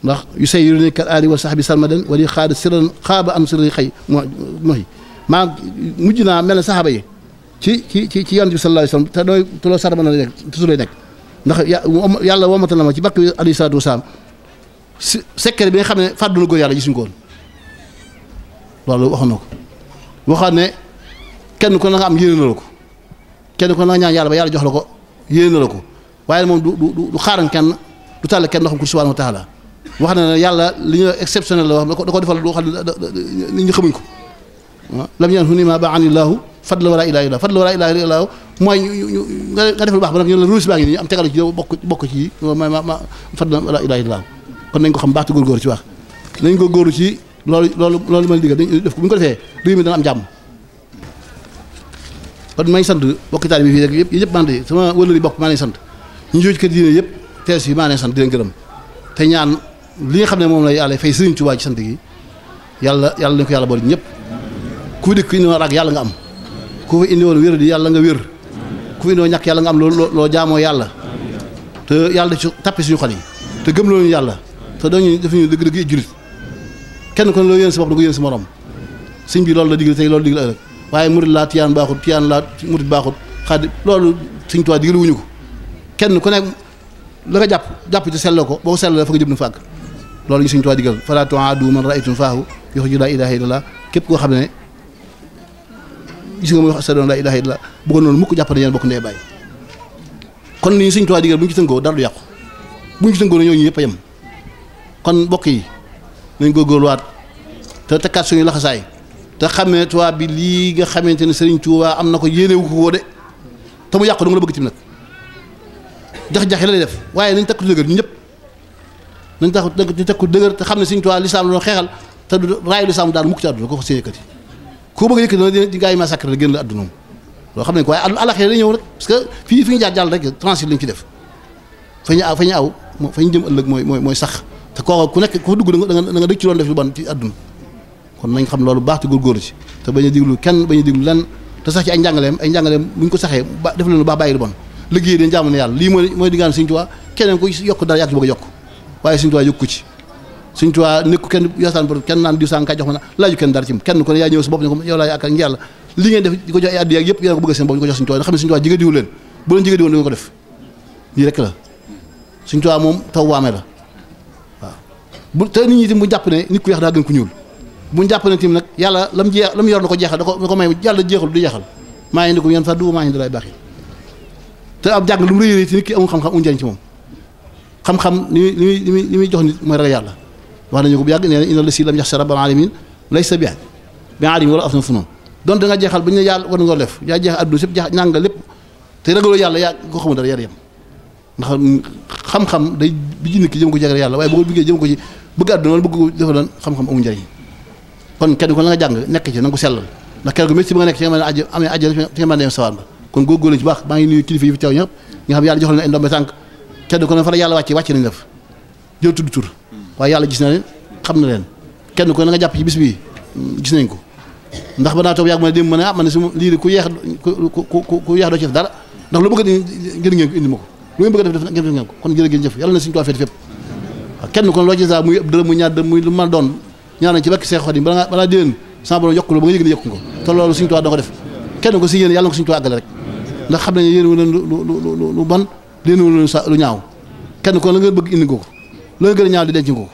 ndax yu say yu ne kal aali wa sax bi salmadan wala xaar siran xaaba am sirri xay moo mooy maa mujj naa mel ne saxaaba yi ci ci ci ci yonent bi sallallahu alayhi wa sallam te dooy te nekk toujours lay nekk ndax yàlla womatal na ci bakk bi alayhi salaatu si secret bi nga xam ne fàddu na góor yàlla gisuñu ko woon loolu waxoon na ko waxaat ne kenn ko na nga am yéene na la ko kenn ko na nga ñaan yàlla ba yàlla jox la ko yéene na la ko waaye moom du du du xaaran kenn du tàll kenn ndoxam ko subhanahu wa taala wax na ne yàlla li ñu exceptionnel la wax da ko defal loo xam ne nit ñi xamuñ ko ah, lam yanhu ni ma ba anillahu fadla wala ilaha illa fadla wala ilaha illa mooy nga def lu baax ba nag ñu la ruus baa ngi nii am tegal ci bokk bokk ci ma ma ma fadla wala kon nañ ko xam baax te góorgóor ci waa nañ ko góorlu ci loolu loolu loolu ma digal def ko bu ñu ko defee réew mi dana am jàmm kon may sant bokki bi fii rek yëpp yëpp mante sama wëlëri bokk maa ngi sant ñu jóge kër diine yëpp tees yi maa ngi sant di leen gërëm te ñaan li nga xam ne moom la yàlla fay Sëriñ Tuubaa ci sant gi yàlla yàlla nañ ko yàlla ñëpp ku dikk indi yàlla nga am ku fi indi woon wér di yàlla nga wér ku fi indi woon ñàkk yàlla nga am loo loo jaamoo yàlla te yàlla ci tappi suñu gëm loolu yàlla te dañu def ñu dëgg-dëgg yi jullit kenn kon loolu yéen si bopp da ko yéen si morom bi loolu la digal tey loolu digal ëllëg waaye murit laa tiyaan baaxut tiyaan laa murit baaxut xaddi loolu sëñ Tuubaa digal wuñu ko kenn ku nekk la nga jàpp jàpp ci selloo ko boo ko selloo dafa ko loolu ñu sëñ Tuubaa digal fala tuaadu man raaytum faahu yox koo xam ne gis nga muy wax sa doon laa noonu mukk jàpp ne yéen bokk ndey bàyyi kon li ñu sëñ Tuubaa digal bu ñu ci tënkoo dara du ñu ñu yëpp yem kon mbokk yi nañ góorgóorluwaat te takkaat suñu laxasaay te xam ne tubaab bi lii nga xamante ne Serigne Touba am na ko yéenewu ko woo de te mu yàqu da nga la bëgg tim nag jax-jaxe la lay def waaye nañ takku dëgër ñu ñëpp nañ tax ñu takku dëgër te xam ne Serigne Touba lislaam la doon xeexal te du raayu lislaam daal mukk ci àdduna ko fa seen yëkkati koo bëgg yëkkati na di ngay massacre la génn la àdduna moom xam nañ ko waaye àlaxee dañ ñëw rek parce que fii ci def fa ñu aw fa ñu aw fa ñu jëm mooy mooy mooy sax te koo ku nekk ku fa dugg da dëkk ci loolu def lu bon ci àdduna kon nañ xam loolu baax te góorgóorlu ci te bañ a diglu kenn bañ a diglu te sax ci ay njàngaleem ay njàngaleem bu ko saxee ba def leen lu baax bàyyi lu bon liggéey dañ jaamu ne yàlla yaa a yokk waaye Sëñ Tuubaa yokku ci Sëñ kenn yosaan pour kenn naan diw sànka jox kenn dara ci ngi ko jox a ko bëgg seen bopp ñu ko jox Sëñ Tuubaa xam ne Sëñ Tuubaa bu leen jigéen diwoon du ko def lii rek la Sëñ Tuubaa moom taw waame la bu te nit ñi itam bu jàpp ne nit ku weex daa gën ku ñuul bu jàpp ne itam nag yàlla lam lam yor na ko jeexal da ko da ko may yàlla jeexul du jeexal maa ngi ni ko yan fa maa lay baax te ab jàng lu mu rëy rëy nit ki amul xam-xam un njëriñ xam-xam li muy li muy jox nit mooy yàlla wax nañu ko yàgg nee na inna la si lam yaxsa rabbal alamin lay sa bien bi alim wala af na fu noonu don da nga jeexal bu ñu ne yàlla war nga def yaa jeex adduna sëpp jeex nànga lépp te ragaloo yàlla yaa ko xamul dara yar yam ndax xam-xam day bi ji nit ki jëm ko yàlla waaye bu ko bëggee jëm ko ci bëgg àdduna wala bëgg xam-xam kon kenn ko la nga nekk ci na ko sellal a ajj a dem sawar ba maa ngi nuyu kilifa yi fi teew ñëpp nga xam yàlla jox leen ay ndombe tànk kenn ko def waaye yàlla gis na xam na leen kenn ko na nga jàpp ci bis bi gis nañ ko ndax ba naa toog a dem mën a ah man lii ku yeex ku yeex doo ci def dara ndax lu bëgg ngeen ngeen indi ma ko lu ngeen bëgg def def ngeen ko kon jërë ngeen jëf yàlla na suñu tuwaa féete fépp kenn kon loo ci saa muy ëpp dërëm muy ñaar dërëm muy lu ma doon ñaar nañ ci bakki Seex Xaadim balaa balaa déwén sa borom yokk la ba nga yëg ne yokk ko da ko def kenn ko si yéen yàlla na ko Sëriñ ndax xam nañ yéen wu leen lu lu bon déen wu leen lu ñaaw kenn kon la nga bëgg indi ko ko la nga di denc ko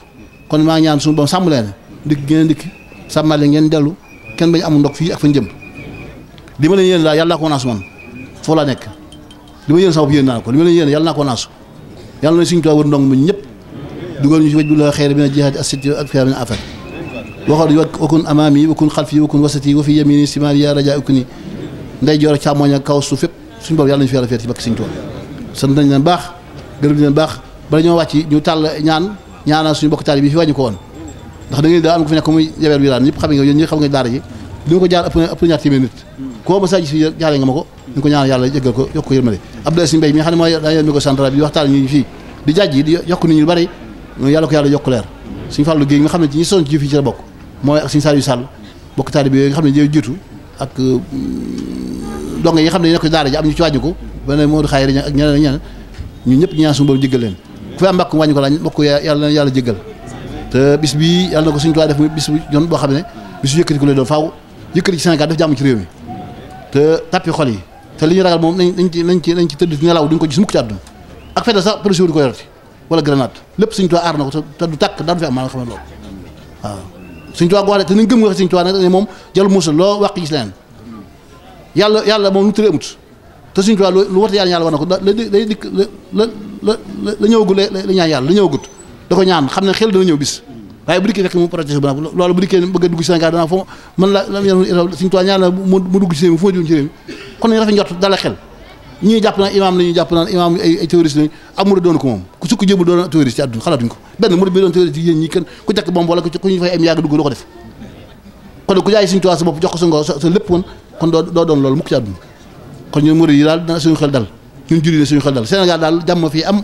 kon maa ñaan suñu borom sàmm leen dikk ngeen dikk sàmmale ngeen dellu kenn bañ amul ndox fii ak fañ jëm li ma leen yéen daal yàlla naa ko naasu man foofu laa nekk li ma yéen sama bopp yéen naa ko li ma leen yéen yàlla naa ko naasu yàlla na Sëriñ Tuubaa wër ndong mu ñëpp dugal ñu ci wajbulaa xeyra mina jihaati assiti ak fiha min afat waxal wakun amaami wakun xalfi wakun wasati wa fi yamini simaal yaa rajaa ukuni nday joor kaw suuf fépp suñu borom yàlla nañu fi yàlla feet nga ko jaar ëpp na ëpp na xam ne mooy yoon mi ko central bi waxtaan ñu fii di jàjj di yokk nit ñu bari yàlla ko yàlla yokk leer suñu fàllu géey nga xam ne ci ñi son ci jëf yi ci la bokk mooy ak suñu Saliou Sall bokk taalibe yooyu nga xam ne ñooy jiitu ak euh, donga yi nga xam ne nekk ci daara ji am ñu ci wàññi ko bane moo di xaayir ak ñeneen ñeneen ñu ñëpp ñaan suñu boobu jéggal leen ku fi am mbàkk wàññi ko laa mbokk yàlla na yàlla jéggal te bis bii yàlla na ko suñu tuwaa def muy bis ñoon boo xam ne bisu yëkkati ku lay doon faaw yëkkati ci Sénégal def jàmm ci réew mi te tàppi xol yi te li ñu ragal moom nañ nañ ci nañ ci nañ ci tëdd nelaw duñ ko gis mukk ci àdduna ak fedda sax projet du ko yorati wala grenade lépp suñu tuwaa aar na ko te du tàkk daan fi am maa nga xam ne loolu waaw suñu tuwaa gox te nag ne moom jël muusa loo wax gis leneen yàlla yàlla moom lu tëri amut te suñu tuwaa lu wat yàlla yàlla war na ko la day dikk la la la la ñëwagut la ñaan yàlla la ñëwagut da ko ñaan xam ne xel dana ñëw bis waaye bu dikkee fekk mu protégé bu loolu bu dikkee bëgg a dugg Sénégal danaa foo mën la lam yan suñu la mu dugg ci réew fu ma jëm ci réew mi kon nañ rafet dala xel ñi ñuy jàpp naan imaam la ñuy jàpp naan imaam ay terroriste lañu ab murid doon ko moom ku sukk jébul doon terroriste ci àdduna xalaatuñ ko benn murid bi doon terroriste yéen ñi kenn ku jakk bomb wala ku ñu ko def sa bopp jox ko sa ngor kon doo doon loolu mukk ci àdduna kon ñun murid yi daal na suñu xel dal ñun julli ne suñu xel dal Sénégal daal jàmm fii am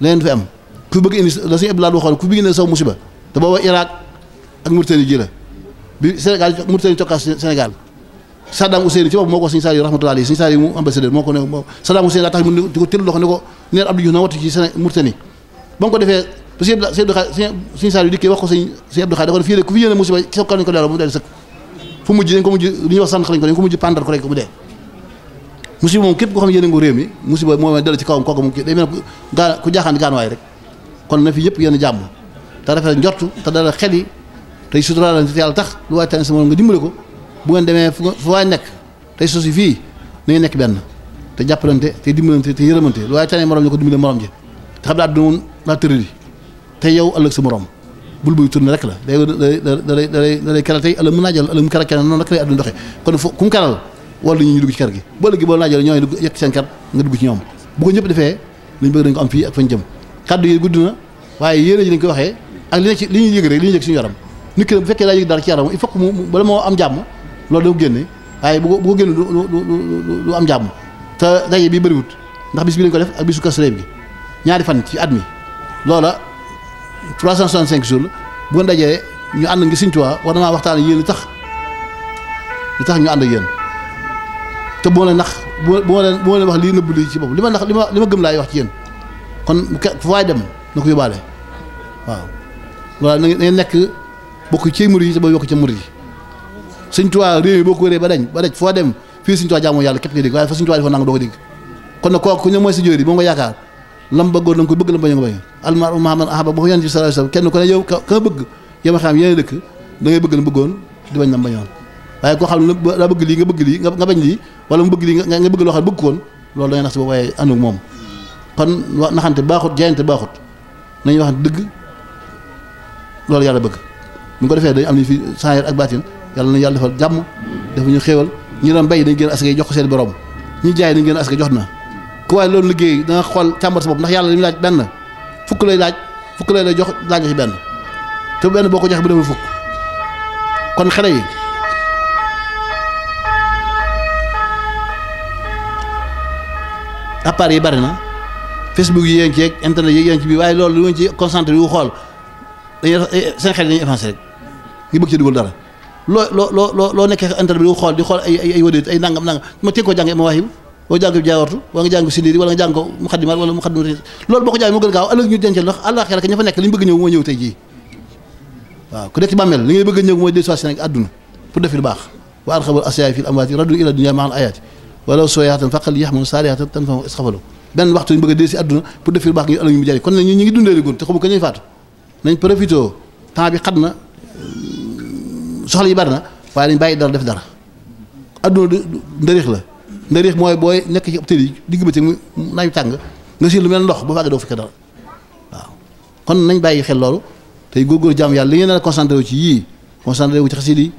leneen du fi am ku bëgg indi la suñu Abdoulaye waxoon ku bëgg ne saw musiba te booba Irak ak Mauritanie ji la bi Sénégal Saddam Ousseynou ci boppam moo ko Serigne Saliou rahmatullahi alayhi Serigne Saliou mu ambassadeur moo ko ne Saddam ko tëral loxo ko neer mu wax ko ne sa kaw lañ ko delloo ba mu dee musiba moom képp koo xam ne yéene réew mi musiba moom dal ci kawam kooku moom day mel ku jaaxaan gaanwaay rek kon na fi yëpp yéen jàmm te rafet njortu te dala xel yi tey sutura la yàlla nga dimbale ko bu ngeen demee fu waay nekk tey suuf si fii na ngeen nekk benn te jàppalante te dimbalante te yërëmante lu waaye tane morom ñu ko dimbale morom ji te xam daa dinoon daa tërëri te yow ëllëg sa morom la day dalay dalay dalay keral tey ëllëg mu naajal ëllëg mu keral keneen noonu rek lay àdduna doxee kon fo ku boo léegi boo naajal ñooy dugg yekk seen kër nga dugg ci ñoom bu ko ñëpp defee liñ bëgg dañ ko am fii ak fañ jëm kàddu yi gudd na waaye yéene ji dañ koy waxee ak li ne li ñu yëg rek li ñuy yëg suñu yaram nit ki bu fekkee daa yëg dara ci yaram il faut mu bala moo am jàmm loolu da ko génne waaye bu ko bu ko génne du du du am jàmm te daje bi bëriwut ndax bis bi lañ ko def ak bisu Kazu Rajab bi ñaari fan ci at mi loola 365 jours la bu ngeen dajee ñu ànd ngi Sëñ Tuubaa war na maa waxtaan yéen li tax li tax ñu ànd yéen te bu ma leen nax bu ma leen bu ma leen wax lii nëbb lii ci bopp li ma nax li ma li ma gëm laay wax ci yéen kon fu waay dem na ko yóbbaale waaw loolu na ngeen nekk bokk ci murid yi te booy bokk yi sëñ Tuubaa réew mi boo ko dem fii sëñ Tuubaa jaamu yàlla képp nga dégg waaye fa sëñ Tuubaa ko dégg kon nag kooku ku ne mooy ko bëgg lam bañ nga bañ almar ba ko bëgg xam bëgg lii nga bëgg lii nga bañ lii wala mu bëgg lii nga bëgg loo xam ne bëgg koon loolu da ngay nax si boobu waaye àndul moom kon naxante baaxut jaayante baaxut nañu dëgg loolu yàlla bëgg mu ñu ko defee dañu am ni fi saayir ak baatin yàlla na yàlla defal jàmm dafa ñu xéewal ñu doon béy dañ gën asaka jox ko seen borom ñu jaay dañ gën asaka jox na ku waaye loolu liggéey da xool càmbar sa bopp ndax yàlla li mu laaj benn fukk lay laaj fukk lay lay jox laaj ci benn te benn boo ko jox bu deful fukk kon xale yi appareil yi bari na Facebook yi yeeg internet yi yéen bi waaye loolu lu ci concentré wu xool dañuy seen xel dañuy avancé rek ngi bëgg ci dugal dara loo loo loo loo nekkee internet bi di xool di xool ay ay ay nangam nangam ma teg ko jàng bi jaawartu wala nga nga jàng ko muxaddimaat wala muxaddimaat loolu boo jàng moo gën gaaw ëllëg ñu dencal ndax àllaaxira ka ña nekk li ñu bëgg ñëw moo ñëw tey ci àdduna pour def lu baax wa a dellu si ëllëg ñu mu jaay kon ñu ngi dundeeli gun te xamu ko ñuy faatu nañ profité temps bi xat na soxla yi bari na waaye dañ bàyyi dara def dara adduna du la ndërix mooy booy nekk ci optéri yi digg bëccëg mu naaju tàng nga siir lu mel ndox bu fàggee doo fekke dara waaw kon nañ bàyyi xel loolu tey góorgóor jàmm yàlla li ngeen naan concentré wu ci yii concentré wu ci xasiid yi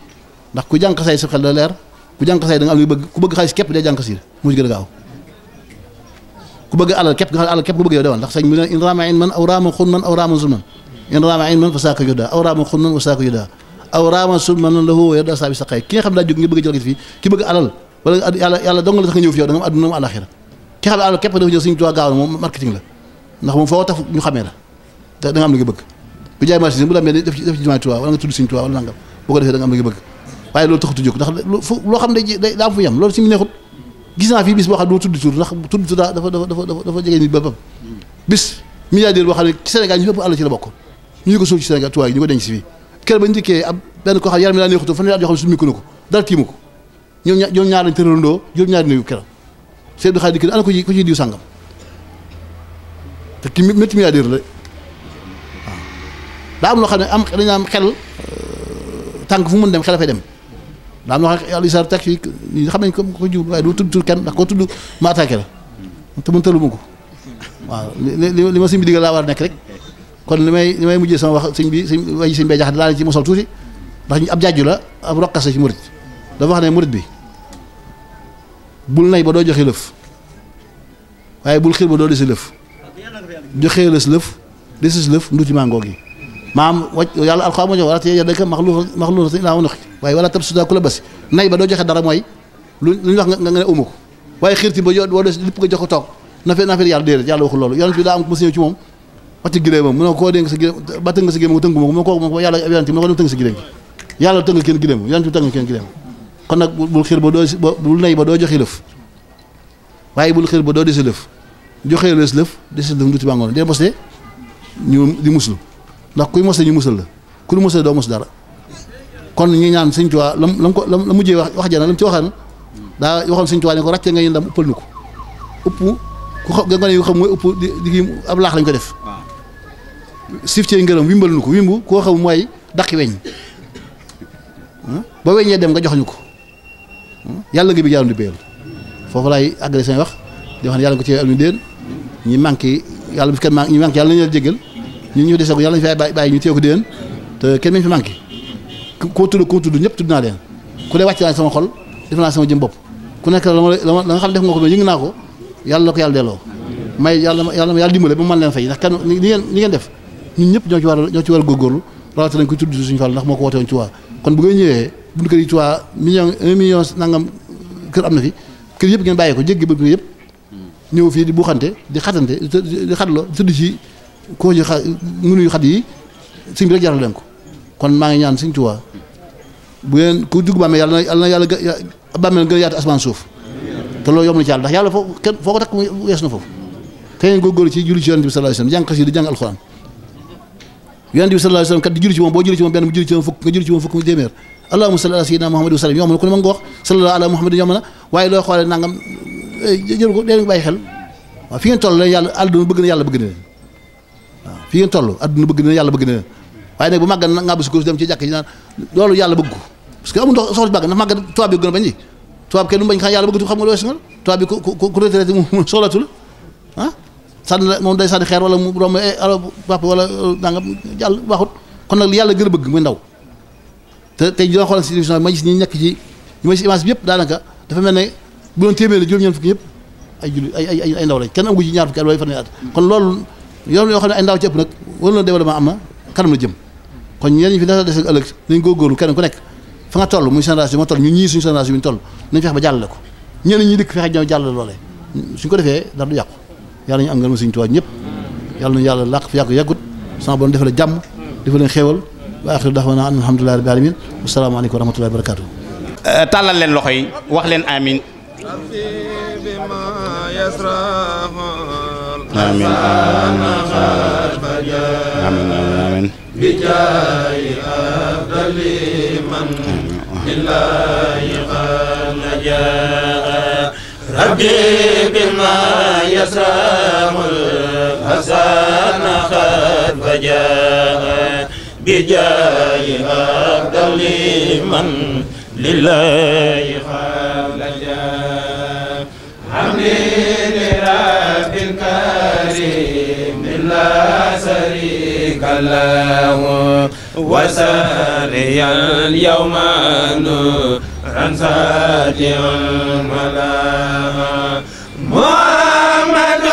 ndax ku jàng xasaay sa xel da leer ku jàng xasaay da nga am lu bëgg ku bëgg xaalis képp day jàng xasiid mu ci a gaaw ku bëgg alal képp nga xam alal képp ku bëgg in raama in man aw raama xun man aw raama zul man in raama aw raama su man noonu la woo yor saa sa xay ki nga xam daa jóg nga bëgg a jalgati fii ki bëgg alal wala yàlla yàlla dong la nga ñëw fi yow da nga àdduna am àlaxira ki xam alal ci loo xam ne ne doo tudd tur ndax tudd tur dafa dafa la bokk ñu ko suuf ci Sénégal tuwaa ñu ko denc si fii kër ba njëkkee ab benn koo xam yaram yi daa neexutu fan yoo xam suñu micro ko dara tiimu ko ñoom ñaar ñoom lañ tëraloo juróom ñaari néew keroog Seydou Xaadim dikk ana ko ci ko ci diw sàngam te ki métti milliardaire la waaw daa am loo xam ne am dañu am xel euh, tànk fu mu mën dem xel fay dem daa am loo xam ne Alioune Sarr fii ñi xam nañ ko ko jiw waaye doo tudd tur kenn ndax koo tudd ma la te tëlu ma ko waaw li li ma sëñ bi laa war a nekk rek kon li may li may mujjee sama wax sëñ bi sëñ way sëñ bay jaxate daa ci mosal tuuti ndax ab jàjju la ab roqas la ci murit dafa wax ne murit bi bul nay ba doo joxe lëf waaye bul xiir ba doo desi lëf joxee lës lëf desis lëf nduuti màngoog yi maam wàcc yàlla alxaam ma jox wala te yadaka maxluuf maxluuf ilaa ma noxi waaye wala tab ku la basi nay ba doo joxe dara mooy lu lu ñu wax nga nga ne umu ko waaye xiirti ba yoo boo jox ko toog na fe na fe yàlla déedéet yàlla am ko ci moom wàcc gileemam mu ne koo dénk sa gileem ba tënk sa gileem tënk ma ko mu ne kooku ma ko yàlla yonent bi mu ne ko tënk sa gileem yàlla tënk kenn gileem yonent bi tënk kenn gileem kon nag bul xir ba doo bul nay ba doo joxe lëf waaye bul xir ba doo desi lëf joxee lees lëf desi lëf nduti bàngoon dee mosle ñu di muslu ndax kuy mosle ñu musal la ku lu mosle doo mos dara kon ñi ñaan sëñ Tuubaa lam lam ko lam la mujjee wax wax jana lam ci waxaan daa waxoon sëñ Tuubaa ne ko ràcce nga yéen dam ëppal nu ko ëpp ku xam nga ne xam mooy ëpp di di ab laax lañ ko def sif cee ngërëm wimbal nu ko wimbu koo xam mooy daqi weñ ba weñee dem nga jox ñu ko yàlla nga bi jaarum di béyal foofu laay àggale seen wax di wax ne yàlla ko ci am déen ñi manqué yàlla bu fi kenn manqué ñi manqué yàlla nañu la jégal ñun ñu dese ko yàlla ñu fi bàyyi bàyyi ñu téye ko déen te kenn mañ fi manqué koo tudd koo tudd ñëpp tudd naa leen ku ne wàcc naa sama xol def naa sama jëm bopp ku nekk la la nga xam def nga ko mais yëngu naa ko yàlla la ko yàlla delloo may yàlla yàlla ma yàlla dimbale ba man leen fay ndax kenn ni ngeen ni ngeen def ñun ñëpp ñoo ci war a ñoo ci war a góorgóorlu rawati nañ ko tudd suñu Fall ndax moo ko woote woon Touba kon bu ñëwee buñu kër am na fi kër yëpp ngeen bàyyi ko jéggi ba yëpp ñëw fii di buuxante di xatante di xatloo tudd ci koo ji xa mënuyu xat yi sëñ bi rek jaral leen ko kon maa ngi ñaan sëñ Touba bu ngeen ku dugg bàmmeel yàlla na yàlla na yàlla bàmmeel gën a yaatu asamaan suuf te loolu yomb na ci yàlla ndax yàlla foo kenn foo ko takk wees na foofu te ngeen góorgóorlu ci julli ci yonent bi sallallahu di jàng alxuraan yonent di julli ci wa sallam yomb na ku ne ma nga wax sallallahu ala muhammad yomb na waaye loo xoolee nangam eh, jël ko dee bàyyi xel waaw bëgg na yàlla bëgg na na yàlla bëgg na leen waaye nag bu màggan nag ngàbbu si kurus dem ci jàkk ji naan loolu gën a bañ ji tubaab kenn bañ xam xam nga loo weesu nga bi ku ku retraité mu soxlaatu la ah? sànni la moom day sànni xeer wala mu romb eh, ala papa wala euh, nangam jàll waxut kon nag yàlla gën a bëgg muy ndaw te te jii doo xoolal si ma gis ñi nekk ci ñu ma si image yëpp daanaka dafa mel ne bu doon téeméer la juróom yëpp ay julli ay ay ay ndaw lañ kenn amu ci ñaar fukki at wala kon loolu yoon yoo xam ne ndaw ci nag wala na développement am na kanam la jëm kon ñenn ñi fi dafa des ëllëg nañ góorgóorlu kenn ku nekk fa nga toll muy génération ma toll ñu ñii suñu génération bi ñu ba jàllale ko ñenn ñi dikk fexe ñoo jàllale loolee suñ ko defee dara du yàqu yàlla ñu am ngërëm Sëriñ Tuubaa ñëpp yàlla na yàlla làq fi yàgg yàggut sama borom defal jàmm defal leen xéewal wa axiru daxwaana an alhamdulillahi rabbil alamin wasalaamaaleykum wa rahmatullahi wa barakaatu euh, tàllal loxo yi wax leen amin amin amin amin bijaayi afdali man ربي بما يسرم الحسن خد فجاء بجاي أفضل من لله خال جاء حمدي لرب الكريم لا شريك له وسريا اليوم نور عن ساتي الملاء محمد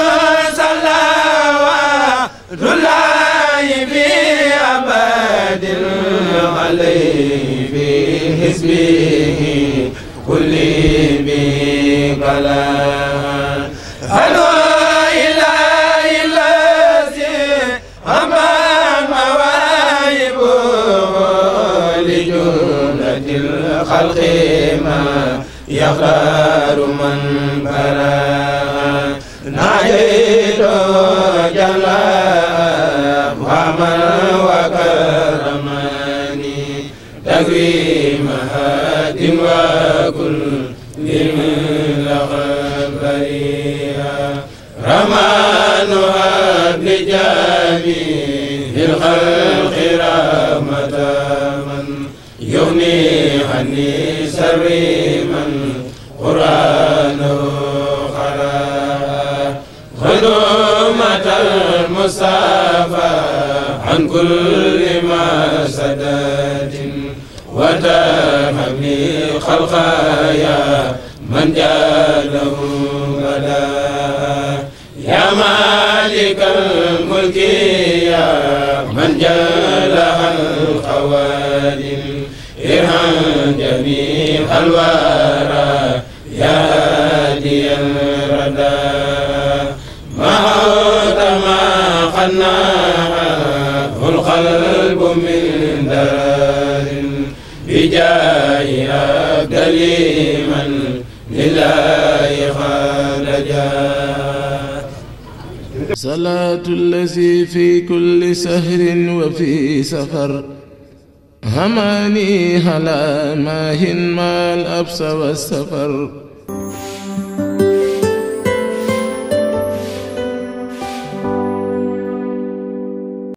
صلوات الله في أبد عليه في حزبه كل بقلب الخلق ما يختار من برا نعيد جل ومن وكرمني تكريم هاد وكل من لغبريها رمانها بجميع الخلق رأى عني سري من قرآنه خلا خدمة المصطفى عن كل ما سدد وتهمني خلقا يا من جاله بدا يا مالك الملك يا من جاله القوادم ارحم الورى يا هادي الردى موت ما قناه القلب من درر بجاه أبدل من لله قد جاء صلاة الذي في كل سهر وفي سفر هماني هلا ما هن مال أبس والسفر